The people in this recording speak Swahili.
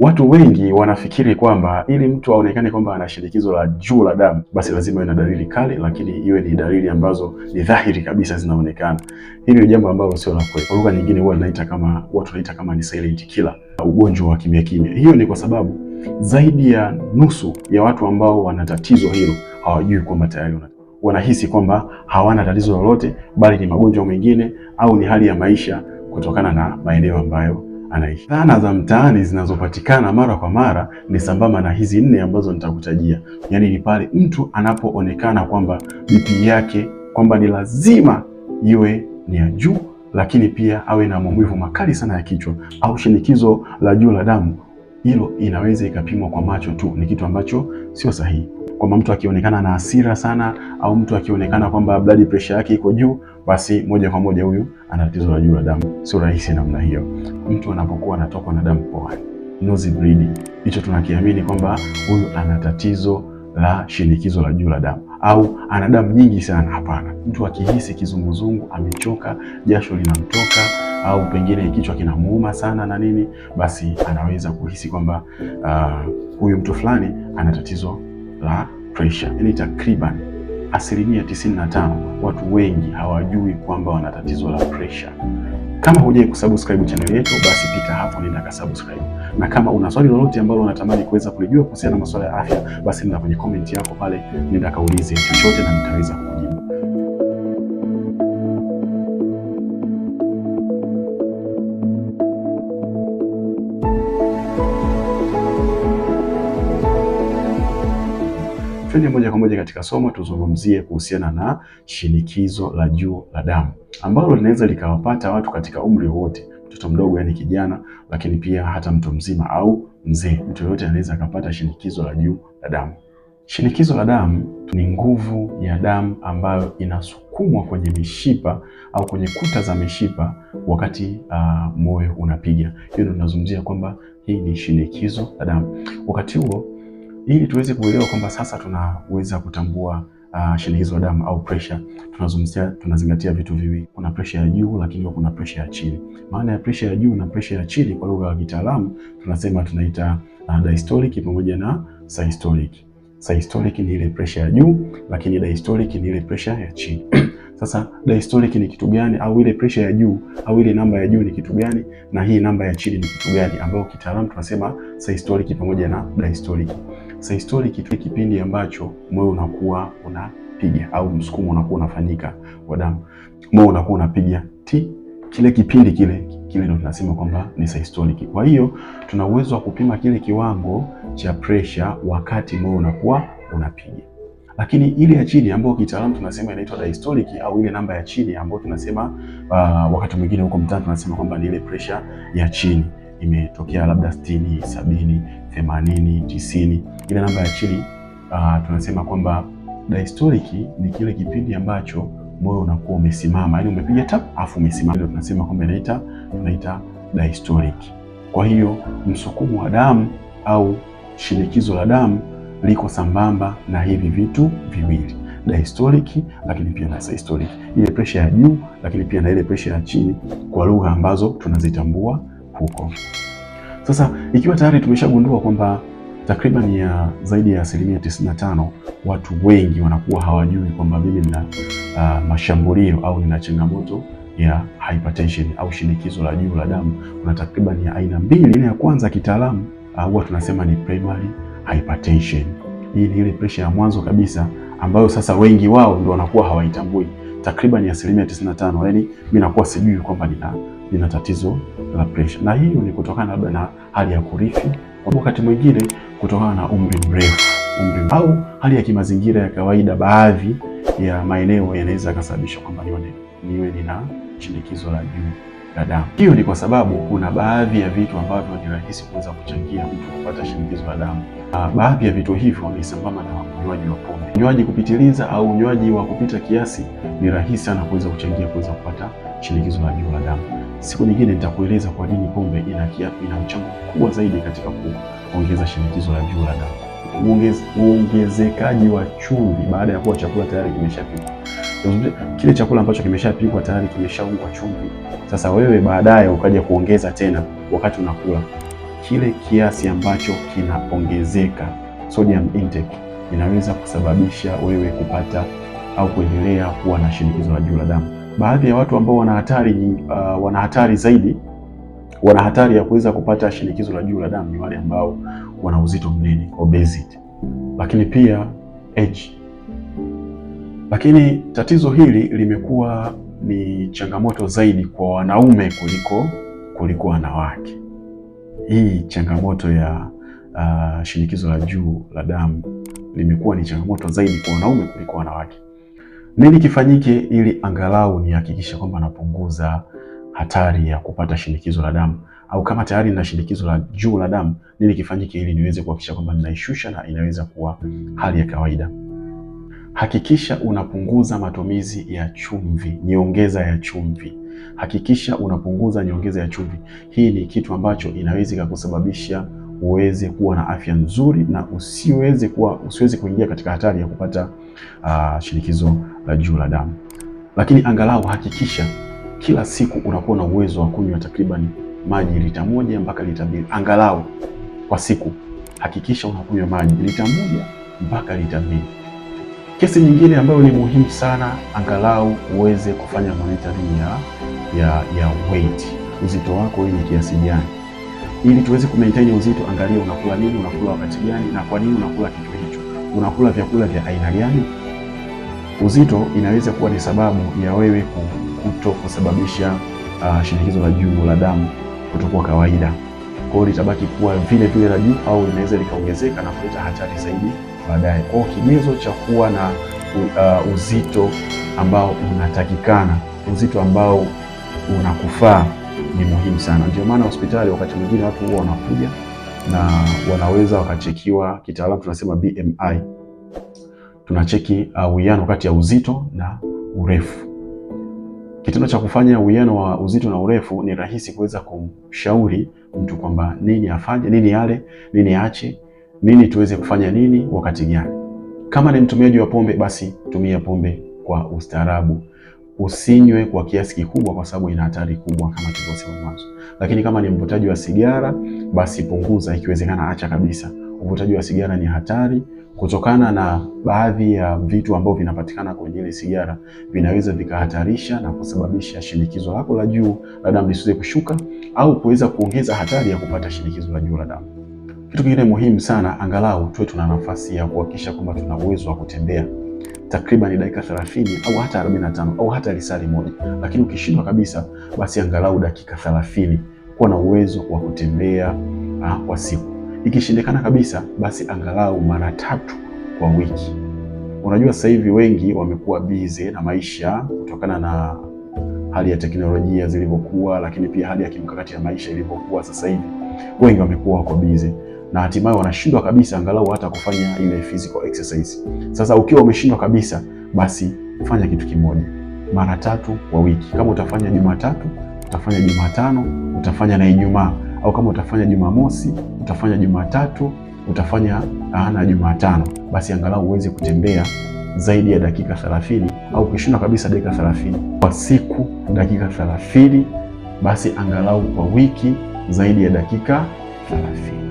Watu wengi wanafikiri kwamba ili mtu aonekane kwamba ana shinikizo la juu la damu, basi lazima iwe na dalili kali, lakini iwe ni dalili ambazo ni dhahiri kabisa zinaonekana. Hili ni jambo ambalo sio la kweli. Kwa lugha nyingine, huwa tunaita kama watu wanaita kama ni silent killer, ugonjwa wa kimya kimya. Hiyo ni kwa sababu zaidi ya nusu ya watu ambao wana tatizo hilo hawajui kwamba tayari wanahisi kwamba hawana tatizo lolote, bali ni magonjwa mengine au ni hali ya maisha kutokana na maeneo ambayo anaishi. Dhana za mtaani zinazopatikana mara kwa mara ni sambamba na hizi nne ambazo nitakutajia, yaani ni pale mtu anapoonekana kwamba bidii yake kwamba ni lazima iwe ni ya juu, lakini pia awe na maumivu makali sana ya kichwa au shinikizo la juu la damu. Hilo inaweza ikapimwa kwa macho tu, ni kitu ambacho sio sahihi, kwamba mtu akionekana na hasira sana au mtu akionekana kwamba blood pressure yake iko juu basi moja kwa moja huyu ana tatizo la juu la damu. Sio rahisi namna hiyo. Mtu anapokuwa anatokwa na damu puani, nose bleeding, hicho tunakiamini kwamba huyu ana tatizo la shinikizo la juu la damu au ana damu nyingi sana. Hapana, mtu akihisi kizunguzungu, amechoka, jasho linamtoka, au pengine kichwa kinamuuma sana na nini, basi anaweza kuhisi kwamba ah, huyu mtu fulani ana tatizo la pressure, yani takriban asilimia 95 watu wengi hawajui kwamba wana tatizo la presha. Kama hujai kusubscribe channel yetu, basi pita hapo nenda kasubscribe, na kama una swali lolote ambalo unatamani kuweza kulijua kuhusiana na masuala ya afya, basi nenda kwenye comment yako pale, nenda kaulize chochote na nitaweza Twende moja kwa moja katika somo tuzungumzie kuhusiana na shinikizo la juu la damu ambalo linaweza likawapata watu katika umri wowote, mtoto mdogo, yani kijana, lakini pia hata mtu mzima au mzee. Mtu yoyote anaweza akapata shinikizo la juu la damu. Shinikizo la damu ni nguvu ya damu ambayo inasukumwa kwenye mishipa au kwenye kuta za mishipa wakati uh, moyo unapiga. Hiyo ndio tunazungumzia kwamba hii ni shinikizo la damu. Wakati huo ili tuweze kuelewa kwamba sasa tunaweza kutambua uh, shinikizo la damu au pressure, tunazungumzia tunazingatia vitu viwili. Kuna pressure ya juu, lakini kuna pressure ya chini. Maana ya pressure ya juu na pressure ya chini kwa lugha ya kitaalamu tunasema tunaita uh, diastolic pamoja na systolic. Systolic ni ile pressure ya juu, lakini diastolic ni ile pressure ya chini Sasa diastolic ni kitu gani, au ile pressure ya juu au ile namba ya juu ni kitu gani, na hii namba ya chini ni kitu gani, ambayo kitaalamu tunasema systolic pamoja na diastolic. Systolic ni kipindi ambacho moyo unakuwa unapiga au msukumo unakuwa unafanyika wa damu, moyo unakuwa unapiga ti, kile kipindi kile kile ndio tunasema kwamba ni systolic. Kwa hiyo tuna uwezo wa kupima kile kiwango cha pressure wakati moyo unakuwa unapiga lakini ile ya chini ambayo kitaalamu tunasema inaitwa diastolic au ile namba ya chini ambayo tunasema uh, wakati mwingine huko mtaani tunasema kwamba ni ile pressure ya chini imetokea labda 60, 70, 80, 90. Ile namba ya chini uh, tunasema kwamba diastolic ni kile kipindi ambacho moyo unakuwa umesimama, yani umepiga tap afu umesimama, ndio tunasema kwamba inaita tunaita diastolic. Kwa hiyo msukumo wa damu au shinikizo la damu liko sambamba na hivi vitu viwili diastolic lakini pia na systolic, ile presha ya juu lakini pia na ile presha ya chini, kwa lugha ambazo tunazitambua huko. Sasa ikiwa tayari tumeshagundua kwamba takriban ya zaidi ya asilimia 95 watu wengi wanakuwa hawajui kwamba mimi nina uh, mashambulio au nina changamoto ya hypertension au shinikizo la juu la damu. Kuna takriban ya aina mbili. Ile ya kwanza kitaalamu ah, huwa uh, tunasema ni primary hypertension. Hii ni ile presha ya mwanzo kabisa ambayo sasa wengi wao ndio wanakuwa hawaitambui, takriban asilimia 95. Yani mimi nakuwa sijui kwamba nina, nina tatizo la presha, na hiyo ni kutokana labda na hali ya kurithi, wakati mwingine kutokana na umri mrefu, umri au hali ya kimazingira ya kawaida. Baadhi ya maeneo yanaweza kusababisha kwamba niwe nina shinikizo la juu damu. Hiyo ni kwa sababu kuna baadhi ya vitu ambavyo ni rahisi kuweza kuchangia mtu kupata shinikizo la damu. Baadhi ya vitu hivyo ni sambamba na unywaji wa pombe. Unywaji kupitiliza au unywaji wa kupita kiasi ni rahisi sana kuweza kuchangia kuweza kupata shinikizo la juu la damu. Siku nyingine nitakueleza kwa nini pombe ina ina mchango mkubwa zaidi katika kuongeza shinikizo la juu la damu. Uongezekaji wa chumvi baada ya kuwa chakula tayari kimeshapikwa kile chakula ambacho kimeshapikwa tayari, kimeshaungwa chumvi. Sasa wewe baadaye ukaja kuongeza tena, wakati unakula kile kiasi ambacho kinaongezeka sodium intake inaweza kusababisha wewe kupata au kuendelea kuwa na shinikizo la juu la damu. Baadhi ya watu ambao wana hatari uh, wana hatari zaidi wana hatari ya kuweza kupata shinikizo la juu la damu ni wale ambao wana uzito mnene obesity, lakini pia H, lakini tatizo hili limekuwa ni changamoto zaidi kwa wanaume kuliko kuliko wanawake. Hii changamoto ya uh, shinikizo la juu la damu limekuwa ni changamoto zaidi kwa wanaume kuliko wanawake. Nini kifanyike ili angalau nihakikishe kwamba napunguza hatari ya kupata shinikizo la damu, au kama tayari nina shinikizo la juu la damu, nini kifanyike ili niweze kuhakikisha kwamba ninaishusha na inaweza kuwa hali ya kawaida? Hakikisha unapunguza matumizi ya chumvi, nyongeza ya chumvi. Hakikisha unapunguza nyongeza ya chumvi. Hii ni kitu ambacho inaweza ikakusababisha uweze kuwa na afya nzuri na usiweze kuwa usiweze kuingia katika hatari ya kupata uh, shinikizo la juu la damu. Lakini angalau hakikisha kila siku unakuwa na uwezo wa kunywa takriban maji lita moja mpaka lita mbili angalau kwa siku. Hakikisha unakunywa maji lita moja mpaka lita mbili. Kesi nyingine ambayo ni muhimu sana, angalau uweze kufanya monitoring ya, ya, ya weight, uzito wako ni kiasi gani, ili tuweze maintain uzito. Angalia unakula nini, unakula wakati gani, na kwa nini unakula kitu hicho, unakula vyakula vya aina gani. Uzito inaweza kuwa ni sababu ya wewe kuto kusababisha uh, ah, shinikizo la juu la damu kutokuwa kawaida, kwa hiyo litabaki kuwa vile vile la juu au linaweza likaongezeka na kuleta hatari zaidi baadaye. Kwa hiyo kigezo cha kuwa na uh, uzito ambao unatakikana, uzito ambao unakufaa ni muhimu sana. Ndio maana hospitali wakati mwingine watu huwa wanakuja na wanaweza wakachekiwa, kitaalamu tunasema BMI, tunacheki uh, uwiano uh, kati ya uzito na urefu. Kitendo cha kufanya uwiano wa uzito na urefu ni rahisi kuweza kumshauri mtu kwamba nini afanye, nini yale, nini aache nini tuweze kufanya nini wakati gani. Kama ni mtumiaji wa pombe, basi tumia pombe kwa ustaarabu, usinywe kwa kiasi kikubwa, kwa sababu ina hatari kubwa kama tulivyosema mwanzo. Lakini kama ni mvutaji wa sigara, basi punguza, ikiwezekana acha kabisa. Uvutaji wa sigara ni hatari kutokana na baadhi ya vitu ambavyo vinapatikana kwenye ile sigara, vinaweza vikahatarisha na kusababisha shinikizo lako la juu la damu lisiweze kushuka au kuweza kuongeza hatari ya kupata shinikizo la juu la damu. Kitu kingine muhimu sana, angalau tuwe tuna nafasi ya kuhakikisha kwamba tuna uwezo wa kutembea takriban dakika 30 au hata 45 au hata lisali moja, lakini ukishindwa kabisa, basi angalau dakika 30 kuwa na uwezo wa kutembea ah, kwa siku. Ikishindikana kabisa, basi angalau mara tatu kwa wiki. Unajua sasa hivi wengi wamekuwa bize na maisha kutokana na hali ya teknolojia zilivyokuwa, lakini pia hali ya kimkakati ya maisha ilivyokuwa sasa hivi, wengi wamekuwa wako bize na hatimaye wanashindwa kabisa angalau hata kufanya ile physical exercise. Sasa ukiwa umeshindwa kabisa, basi fanya kitu kimoja mara tatu kwa wiki. Kama utafanya Jumatatu, utafanya Jumatano, utafanya na Ijumaa, au kama utafanya Jumamosi, utafanya Jumatatu, utafanya ah, na Jumatano, basi angalau uweze kutembea zaidi ya dakika 30 au ukishindwa kabisa dakika 30 kwa siku, dakika 30 basi angalau kwa wiki zaidi ya dakika 30.